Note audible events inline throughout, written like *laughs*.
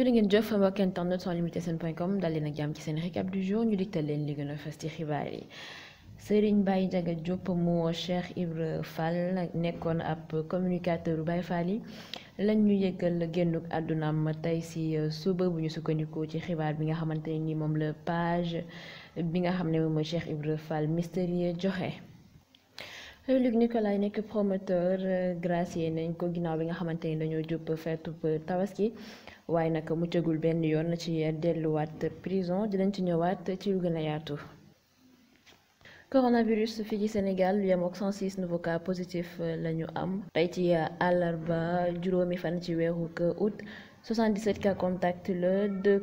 jërë ngeen jëf mbokk internet sans limite seen point com dal leen ak jàmm ci seen récap du jour ñu digtal leen li gën a fës ci xibaar yi. Serigne Baye Ndiaga Diop mu Cheikh Ibra Fall nekkoon ab communicateur Baye Fall yi lañ ñu yëgal génnuk ma tey si euh, suba bu ñu sukkandikoo ci xibaar bi nga xamante ne ni moom la page bi nga xam ne moom mooy Cheikh Ibra Fall mystérieux joxe. Luc Nicolaï nekk promoteur eh, gracier nañ ko ginaaw bi nga xamante ni dañoo jub feetu tabaski waaye nag muccagul benn yoon ci delluwaat prison dinañ ci ñëwaat ci lu gën a yaatu. coronavirus fi ci Sénégal lu yem ak 106 nouveaux cas positifs eh, la am tey ci eh, àllarba juróomi fan ci weeru août 77 cas contacts la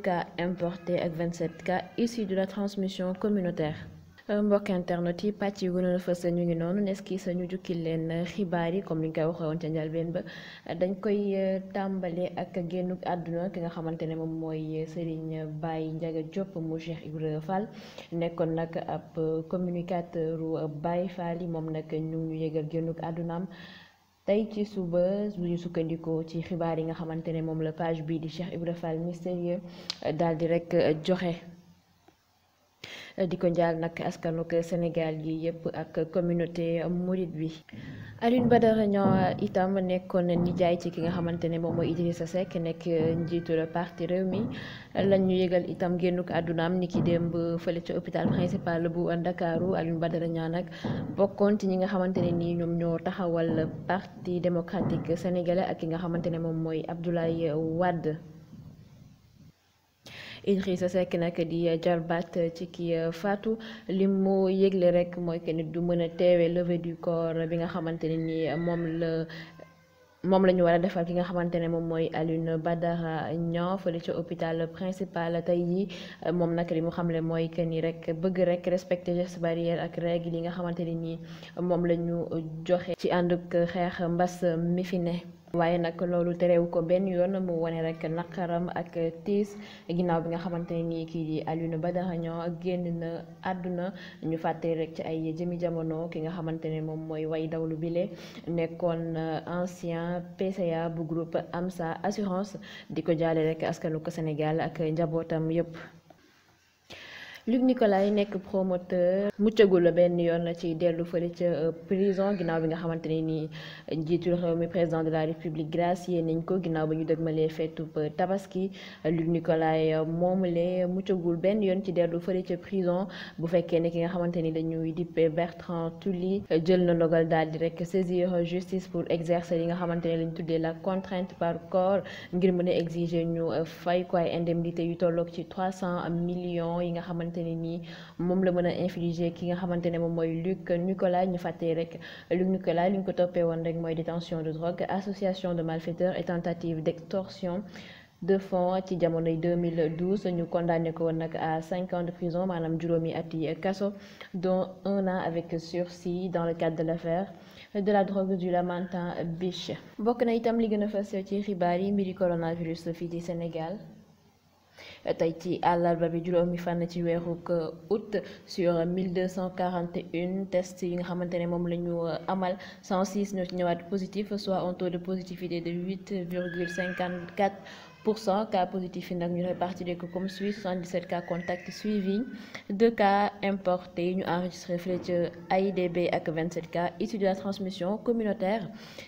cas importés ak 27 cas issus de la transmission communautaire. Euh, mbokk internet yi pàcc yi gënoon a fës ñu ngi noonu nes ki sa ñu jukkil leen xibaar yi comme li ñu koy waxee woon ca njëlbeen ba dañ koy euh, tàmbale ak génn àdduna ki nga xamante ne moom mooy Serigne bàyyi Ndiaga Diop mu Cheikh Ibrahima Fall nekkoon nag ab communicateur Baye Fall yi moom nag ñu ñu yëgal génn àddunaam tey ci suba bu ñu sukkandikoo ci xibaar yi nga xamante ne moom la page bii di Cheikh Ibrahima Fall mystérieux daal di rek joxe. di ko njaal nag askanuk Sénégal yi yëpp ak communauté murit bi Alioune Badara Niang itam nekkoon nijaay ci ki nga xamante ne moom mooy Idrissa sekk nekk njiitu parti Rewmi lañ ñu yëgal itam génnuk àddunaam ni ki démb fële ci hôpital principal bu Ndakaaru Alioune Badara Niang nag bokkoon ci ñi nga xamante ne nii ñoom ñoo taxawal parti démocratique sénégalais ak ki nga xamante ne moom mooy Abdoulaye Wade Idrissa Seck nag di jarbaat ci ki euh, faatu li mu yëgle rek mooy que nit du mën a teewee levée du corps bi nga xamante ne ni moom la moom la ñu war a defal ki nga xamante ne moom mooy Alioune Badara Niang li ca hôpital principal tey jii euh, moom nag li mu xamle mooy que nii rek bëgg rek respecter gestes barrières ak règles yi nga xamante ne nii moom la ñu joxe ci ànd ak xeex mbas mi fi ne. waaye nag loolu terewu ko benn yoon mu wane rek naqaram ak tiis ginnaaw bi nga xamante ne nii kii di Alioune Badara Niang génn na àdduna ñu fàtte rek ci ay jëmi jamono ki nga xamante ne moom mooy way dawlu bile nekkoon ancien PCA bu groupe AMSA assurance di ko jaale rek askanu ko Sénégal ak njabootam yëpp. Luc Nicolaï nekk promoteur muccagul la benn yoon la ci dellu fële ca euh, prison ginnaaw bi nga xamante ne nii njiitu réew mi président de la république gracié nañ ko ginnaaw ba ñu dëgmalee feetu tabaski Luc Nicolaï euh, moomule muccagul benn yoon ci dellu fari ca prison bu fekkee ne ki nga xamante ni dañuy dippe Bertrand Tulli jël na ndogal daal di rek saisir justice pour exercer yi nga xamante ne lañ tuddee la contrainte par corps ngir mën a exiger ñu euh, fay ay indemnité yu tolloog ci 300 millions yi nga xamante nii moom la mën a infliger ki nga xamante ne moom mooy Luc Nicolas ñu fàttee rek Luc Nicolas li ñu ko toppee woon rek mooy détention de drogue association de malfaiteurs et tentative d'extorsion de fonds ci jamonoy 2012 ñu condamné ko woon nag à cinq ans de prison maanaam juróomi at yi kaso dont un an avec sursis dans le cadre de l'affaire de la drogue du Lamantin Biche bokk na itam li gën a fës ci xibaar yi mbiri coronavirus fii di Sénégal Euh, tey ci àllarba bi juróomi fànn ci weeru euh, août sur 1241 test yi nga xamante ne moom la ñu euh, amal 106 ñoo ci ñëwaat positif soit un taux de positivité de 8 virgule 54 pour cent cas positifs yi nag ñu répartir ko comme suit 77 cas contacts suivis 2 cas importés ñu enregistré fële ca AIBD ak 27 cas issus transmission communautaire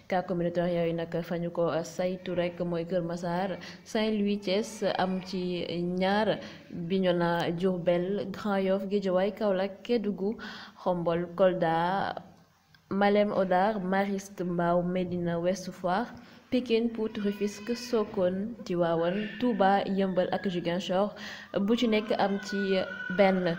cas communautaire yooyu nag fa ñu ko saytu rek mooy Kër Massar Saint-Louis Thiès am ci ñaar Bignona Diourbel Grand Yoff Guédiawaye Kaolack Kédougou Xombol Kolda Malem Hodar Mariste Mbao Médina Ouest Foire Pikine Pout Rufisque di Tivaouane Touba yëmbal ak Ziguinchor bu ci nekk am ci benn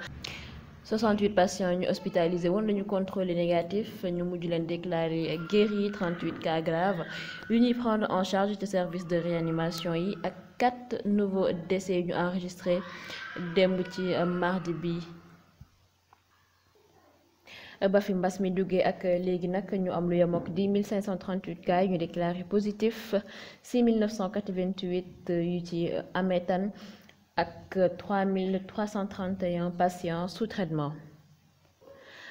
68 patients ñu hospitalisé woon lañu contrôlé négatif ñu mujj leen déclaré guéri 38 cas graves yu ñuy prendre en charge ci service de réanimation yi ak 4 nouveaux décès yu ñu enregistré démb ci mardi bi ba fi mbas mi duggee ak léegi nag ñu am lu yem ak 10 538 cas ñu déclaré positif 6 988 yu ci amee ameetan ak 3 331 patients sous traitement.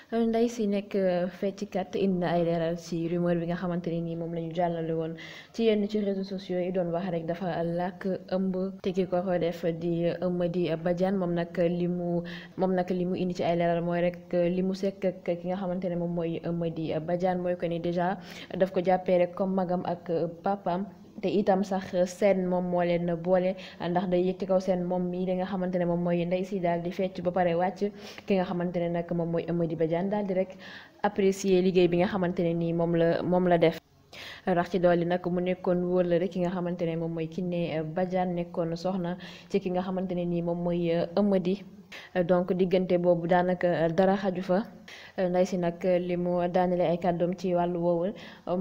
nday si nekk euh, feccikat indi na ay leeral si rumeur bi nga xamante ne nii moom la ñu jàllale woon ci yenn ci réseaux sociaux yi doon wax rek dafa làkk ëmb te ki ko ko def di ëmb euh, di Badiane moom nag li mu moom nag li mu indi ci ay leeral mooy rek euh, li mu sekk ki nga xamante ne moom mooy ëmb di Badiane mooy ko ni déjà daf ko jàppee rek comme magam ak papaam. te itam sax seen moom moo leen boole ndax day yëg ci kaw seen moom mii li nga xamante ne moom mooy ndey si daal di fecc ba pare wàcc ki nga xamante ne nag moom mooy Amady Badiane daal di rek apprécier liggéey bi nga xamante ne nii moom la moom la def. rax ci dolli nag mu nekkoon wóorlëre ki nga xamante ne moom mooy ne Badiane nekkoon soxna ci ki nga xamante ne nii moom mooy Amady. Euh, donc diggante boobu daanaka euh, dara xaju fa euh, nday si nag li mu daanale ay kàddoom ci wàllu woowu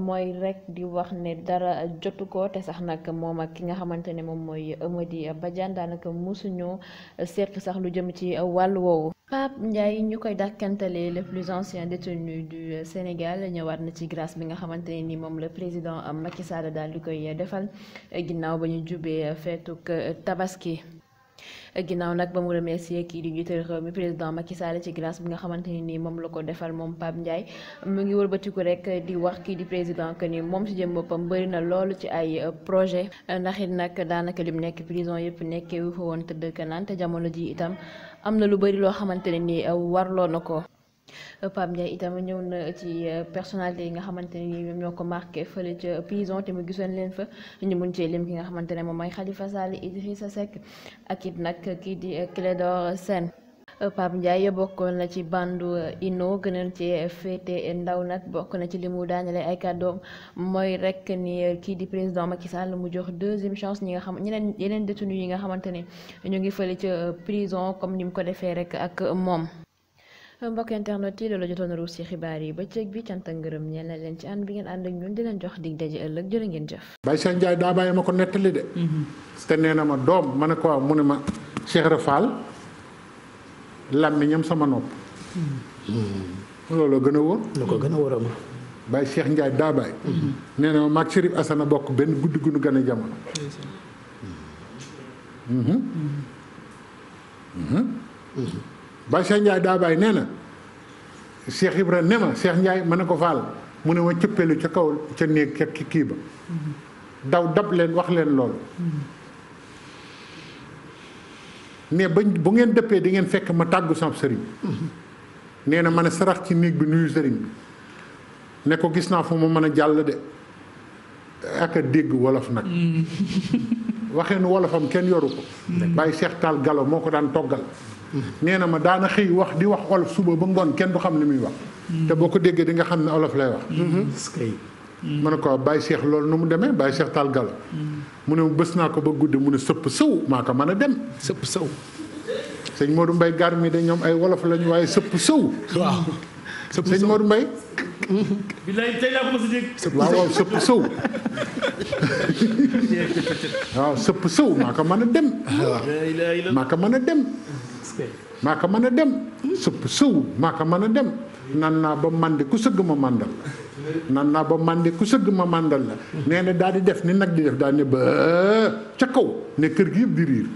mooy rek di wax ne dara jotu ko te sax nag moom ak ki nga xamante ne moom mooy Eumeudi Badiane daanaka musuñoo seq sax lu jëm ci wàllu woowu. Pape Ndiaye ñu koy dàkkantale le plus ancien détenu du Sénégal ñëwaat na ci grâce bi nga xamante ne ni moom la président Macky Sall daal di koy defal ginnaaw ba ñu jubee feetuk tabaski. ginnaaw nag ba mu remercier kii di njiital réew mi président Macky Sall ci glace bi nga xamante ne nii moom la ko defal moom Pape Ndiaye mu ngi wëlbatiku rek di wax kii di président que ni moom si jëm boppam bëri na loolu ci ay euh, projet ndax it nag daanaka lim nekk prison yëpp nekkee wu fa woon tëdd ka te jamono ji itam am na lu bëri loo xamante ne nii euh, warloo na ko. Pape Ndiaye itam ñëw na ci euh, personnalité yi nga xamante ne ni ñoom ko marqué fële ca prison te mu gisoon leen fa ñu mun cee lim ki nga xamante ne moom mooy Khalifa Sall Idrissa Seck ak it nag kii di euh, Clédor Sène Pape Ndiaye bokkoon na ci bandu euh, Inno gënoon ci féete ndaw nag bokk na ci li mu ay kàddoom mooy rek ni kii di président Macky Sall mu jox deuxième chance ñi nga xam ñeneen yeneen détenu yi nga xamante ne ñu ngi fële ca prison comme ni mu ko defee rek ak moom. mbokk internet yi loola jotoon ruus ci xibaar yi bëccëg bi cant ak ngërëm ñeel na leen ci ànd bi ngeen ànd ak ñun di leen jox dig daje ëllëg jërë ngeen jëf. Baye daa bàyyi ma ko nettali de. Mhm. nee na ma doom ma ne ko waaw mu ne ma Cheikh sama nopp. Mhm. loolu gën a wóor. lu ko gën a wóor a ma. Baye Cheikh Ndiaye daa mhm. ma maag bokk benn guddi gunu gën a jamono. Baye Cheikh Ndiaye daa bàyyi nee na Cheikh Ibra ne ma Cheikh Ndiaye ma ne ko faal mu ne ma cëppeelu ca kaw ca néeg ca kii ba daw dab leen wax leen loolu mais bañ bu ngeen dëppee di ngeen fekk ma tàggu sam sëriñ nee na ma ne sarax ci néeg bi nuyu sëriñ bi ne ko gis naa fa ma mën a jàll de ak a dégg wolof nag mm. *laughs* waxee nu wolofam kenn yoru ko mm. bàyyi Seex Taal Galo moo ko daan toggal nee na ma daana xëy wax di wax olof suba ba ngoon kenn du xam li muy wax. te boo ko déggee dinga xam ne olof lay wax. Mm-hmm. ma ne ko Baye Cheikh loolu nu mu demee Baye Cheikh Tall Galo mm-hmm. mu ne bës naa ko ba guddi mu ne sëpp sëw maa ko mën a dem sëpp sëw. sëñ Modou gar mi de ñoom ay wolof lañu waaye sëpp sëw. waaw sëpp sëw sëñ Modou sëpp sëw *laughs* sëpp sëw. waaw maa ko mën a dem. mën a dem. maa ko mën a dem supp sëw maa ko mën a dem nan naa ba màndi ku sëgg ma màndal la nan naa ba màndi ku ma màndal la nee na daal di def ni nag di def daal ne ca kaw ne kër gi yëpp di riir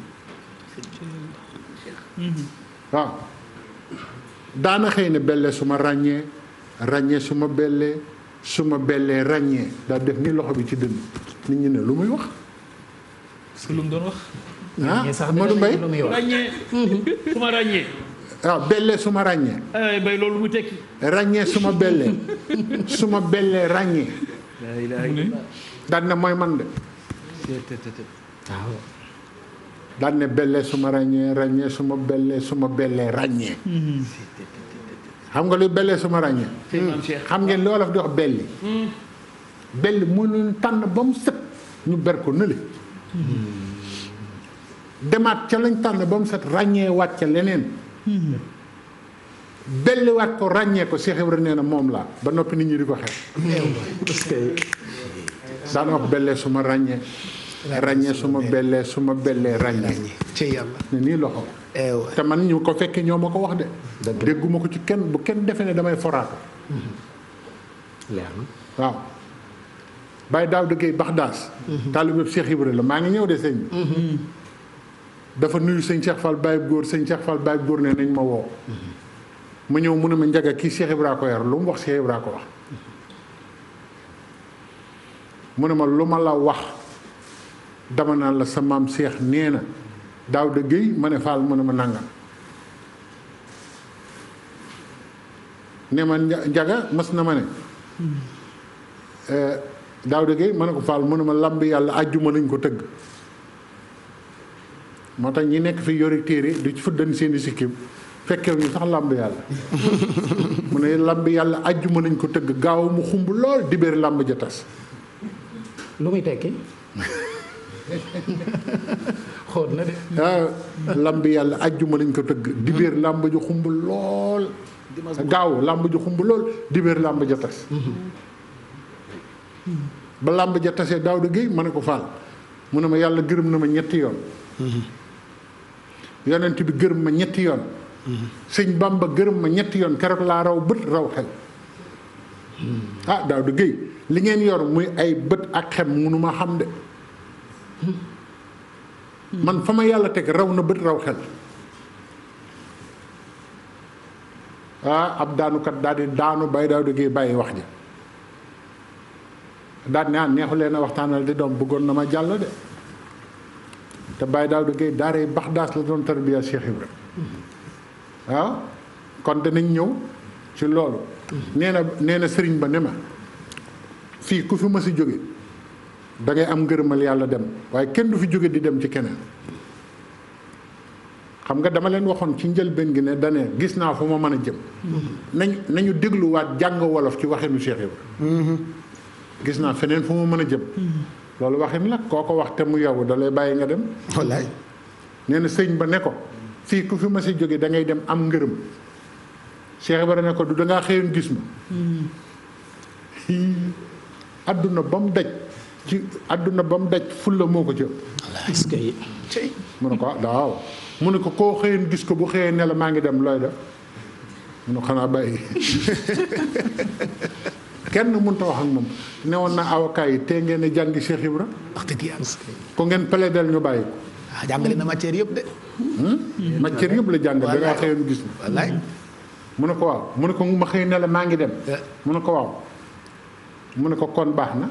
waaw daana xëy ne belle su ma ràññee ràññee suma ma bellee su bellee ràññee daal def ni loxo bi ci dënn nit ñi ne lu muy wax su lu mu doon wax ah Amadou Mbaye ràññee mhm. su ma ràññee. waaw ah, bellee su ma ràññee. Eh, bay loolu mu tekki. ràññee su ma bellee *laughs* su ma bellee ràññee. daan mooy man de. waaw. daan ne bellee su ma ràññee ràññee su bellee su bellee ràññee. xam nga luy bellee suma ma ràññee. Hmm. xam ngeen loolaf di wax belli. Hmm. belli mënuñu tànn ba mu sëb ñu ber ko nële. Hmm. demaat ca lañ tànn ba mu set ràññeewaat ca leneen. belliwaat ko ràññee ko Cheikh Ibrahima nee na moom laa ba noppi nit ñi di ko xeeb. daan wax bellee su ma ràññee. ràññee suma ma bellee su ma bellee ràññee. ci yàlla ne nii loxo. Eh te man ñu ko fekkee ñoo ma ko wax de. dégguma ko ci kenn bu kenn defe ne damay foraatu. leer na waaw. Baye Daouda Gueye Baxdaas. Mhm. taalibu Cheikh Ibrahima maa ngi ñëw de sëñ dafa nuyu sëñ Cheikh Fall Baye góor sëñ Cheikh Fall Baye góor ne nañ ma woo ma ñëw mu ne ma njaga kii Cheikh Ibra ko yar lu mu wax Cheikh Ibra ko wax mu ne ma lu ma la wax dama naan la sa maam Cheikh nee na daaw de géy ma ne Fall mu ne ma nangam ne ma njaga mas na ma ne daaw de géy ne ko Fall mu ma lamb yàlla àjjuma lañ ko tëgg moo tax ñi nekk fi yori téere di fuddan seeni sikkim fekkew ñu sax làmb yàlla *laughs* mu ne làmb yàlla àjjuma lañ ko tëgg gaaw mu xumb lool dibéer làmb ja tas lu muy tekki xool na de *laughs* ah làmb lañ ko tëgg dibéer làmb ju xumb lool làmb ju xumb lool dibéer làmb ja ja tasee daaw da géey ma ne ko faal mu ne ma yàlla gërëm na ma ñetti yoon mhm. yonent bi gërëm ma ñetti yoon sëñ Bamba gërëm ma ñetti yoon keroog laa raw bët raw xel ah daaw du géy li ngeen yor muy ay bët ak xem munu xam de man fa ma yàlla teg raw na bët raw xel ah ab daanukat daal daanu bay daaw di géey bàyyi wax ja daal ne ah neexu leen a waxtaanal di doom bëggoon na ma jàll de te Baye Daouda Gueye daaree Baxdaas la doon tarbiya Cheikh Ibra waaw kon danañ ñëw ci loolu. nee na nee na sëriñ ba ne ma fii ku fi ma si jóge dangay am ngërëmal yàlla dem waaye kenn du fi jóge di dem ci keneen. xam nga dama leen waxoon ci njëlbeen gi ne dane gis naa fu ma mën a jëm. nañ nañu dégluwaat jàng wolof ci waxinu Cheikh Ibra. Mhm. gis naa feneen fu ma mën a jëm. Mhm. loolu waxin la koo ko wax te mu yow da lay bàyyi nga dem. wallaay nee na sëñ ba ne ko fii ku fi ma si jóge da ngay dem am ngërëm Cheikh ba ne ko du da ngaa xëyoon gis ma. adduna ba mu daj ci adduna ba mu daj fulla moo ko jëm. est-ce que mu ne ko waaw ah, mu ne ko koo xëyoon gis ko bu xëyee ne maa ngi dem looy def mu ne xanaa bàyyi. *laughs* kenn mënta wax ak moom ne woon na avocat yi tee ngeen a jàngi Cheikh ra wax dëgg yàlla ko ngeen plaidel ñu bàyyi ko ah na matière yëpp de. Hmm? matière yëpp la jàng da ngaa xëyoon gis. wallaay mu ne ko waaw mu ne ko ma xëy ne maa ngi dem. Eh. mu ne ko waaw mu ne ko kon baax na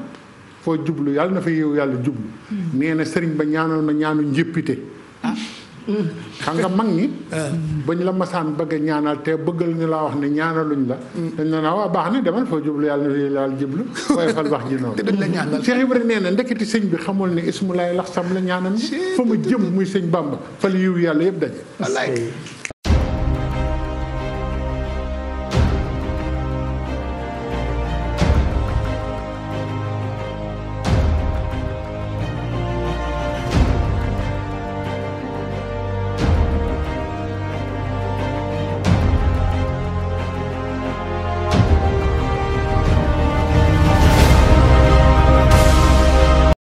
foo jublu yàlla na fa yow yàlla jublu. Hmm. nee na sëriñ ba ñaanal ma ñaanu njéppite. Ah. xam nga mag ñi. Ah. bañ la masaan bëgg a ñaanal te bëggal ñu laa wax ne ñaanaluñ la. dañ la naan waa ah, baax ne demal foo jublu yàlla na yàlla jublu *laughs* waaye fal wax ji noonu. te dañ la ñaanal Cheikh Ibrahima nee na ndeketi sëñ bi xamul ne ismu laay lax sam la ñaanam. fa mu jëm muy sëñ Bamba fal yiw yàlla yëpp daje.